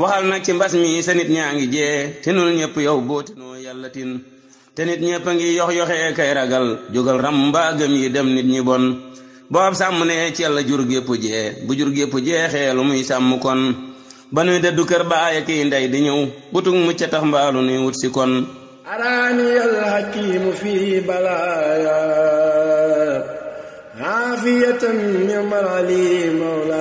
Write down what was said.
waxal nag ci mbas mi sa nit ñaa ngi jee tinul ñëpp yow boo tinoo yàlla tin te nit ñëpp a ngiy yox yoxe kay ragal jógal ram mbaa gëm yi dem nit ñi bon boob sàmm ne ci yàlla jur gépp jee bu jur gépp jeexee lu muy sàmm kon ba nuy dëddu kër baaya kii ndey di ñëw butug mucca tax mbaalu nuy wut si kon araaniyal hakiimu fi balaaya aafiyatan min marali mawla